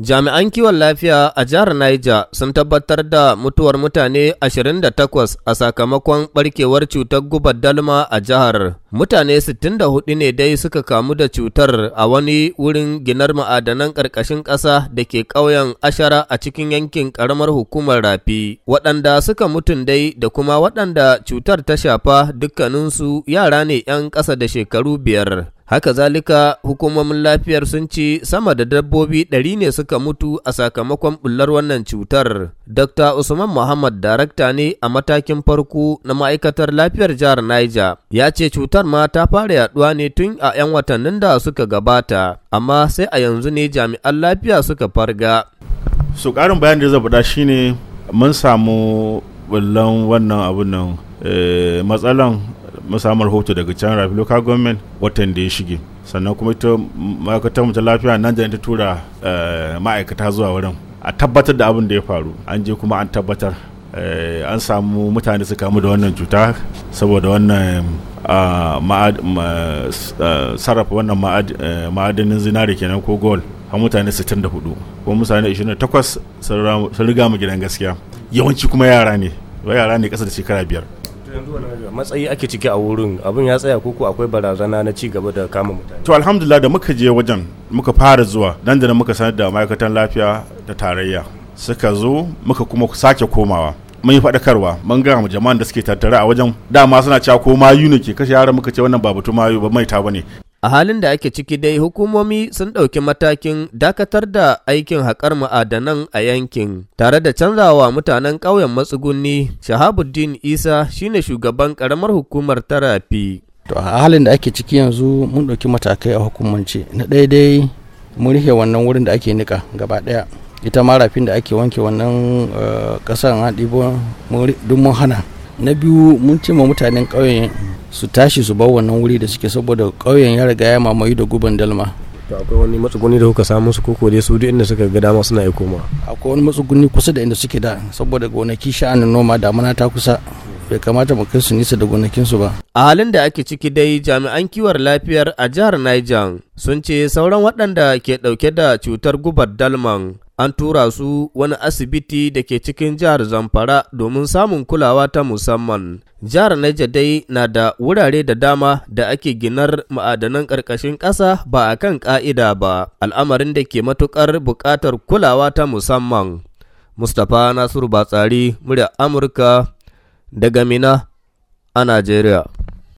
Jami'an kiwon lafiya a jihar Niger sun tabbatar da mutuwar mutane 28 a sakamakon barkewar cutar gubar dalma a jihar. Mutane 64 ne dai suka kamu da cutar a wani wurin ginar ma'adanan ƙarƙashin ƙasa da ke ƙauyen Ashara a cikin yankin ƙaramar hukumar Rafi. Waɗanda suka mutun dai da kuma waɗanda cutar ta shafa dukkaninsu yara ne 'yan ƙasa da shekaru biyar. Haka zalika hukumomin lafiyar sun ce sama da dabbobi ɗari ne suka mutu a sakamakon bullar wannan cutar. Dr. Usman Muhammad darakta ne a matakin farko na ma'aikatar lafiyar jihar Niger ya ce cutar ma ta fara yaduwa ne tun a 'yan watannin da suka gabata, amma sai a yanzu ne jami'an lafiya suka farga. Su ƙarin bayanin da zai shine mun samu bullan wannan abun nan eh, matsalan musamman rahoto daga can rafi local government watan da ya shige sannan kuma ita ma'aikatar mu ta lafiya nan da ta tura eh, ma'aikata zuwa wurin a tabbatar da abin da ya faru an je kuma an tabbatar eh, an samu mutane su kamu da wannan cuta saboda wannan ah, eh, sarrafa wannan ma'adanin zinari kenan ko gold a mutane 64 kuma mutane 28 sun riga mu gidan gaskiya yawanci kuma yara ne yara ne kasa da shekara biyar matsayi ake ciki a wurin abin ya tsaya koko akwai barazana na ci gaba da kama mutane to alhamdulillah da muka je wajen muka fara zuwa dan da muka sanar da ma'aikatan lafiya da tarayya suka zo muka kuma sake komawa mun yi faɗakarwa mun gama jama'an da suke tattare a wajen dama suna cewa ko mayu ne ke kashe yaran muka ce wannan ba batu mayu ba ta bane A halin da ake ciki dai hukumomi sun ɗauki matakin dakatar da aikin haƙar ma'adanan a yankin, tare da canzawa mutanen ƙauyen matsugunni, Shahabuddin Isa shine shugaban ƙaramar hukumar tarafi. To a halin da ake ciki yanzu mun ɗauki matakai a hukumance, na ɗaya mun rufe wannan wurin da ake niƙa gaba ɗaya. Ita ma rafin da ake wanke wannan eh, ƙasan haɗibo duk mun hana. Na biyu mun cimma mutanen ƙauyen su tashi su bar wannan wuri da suke saboda ƙauyen ya riga ya mamaye da guban dalma to akwai wani matsuguni da kuka samu su koko dai su duk inda suka ga dama suna yi koma akwai wani matsuguni kusa da inda suke da saboda gonaki sha'anin noma damuna ta kusa bai kamata mu kai su nisa da gonakinsu ba a halin da ake ciki dai jami'an kiwon lafiyar a jihar Niger sun ce sauran waɗanda ke ɗauke da cutar gubar dalman an tura su wani asibiti da ke cikin jihar Zamfara domin samun kulawa ta musamman. Jihar Niger dai na da wurare da dama da ake ginar ma'adanan ƙarƙashin ƙasa ba a kan ƙa'ida ba, al'amarin da ke matuƙar buƙatar kulawa ta musamman. Mustapha Nasiru Batsari, murya Amurka daga Mina a Najeriya.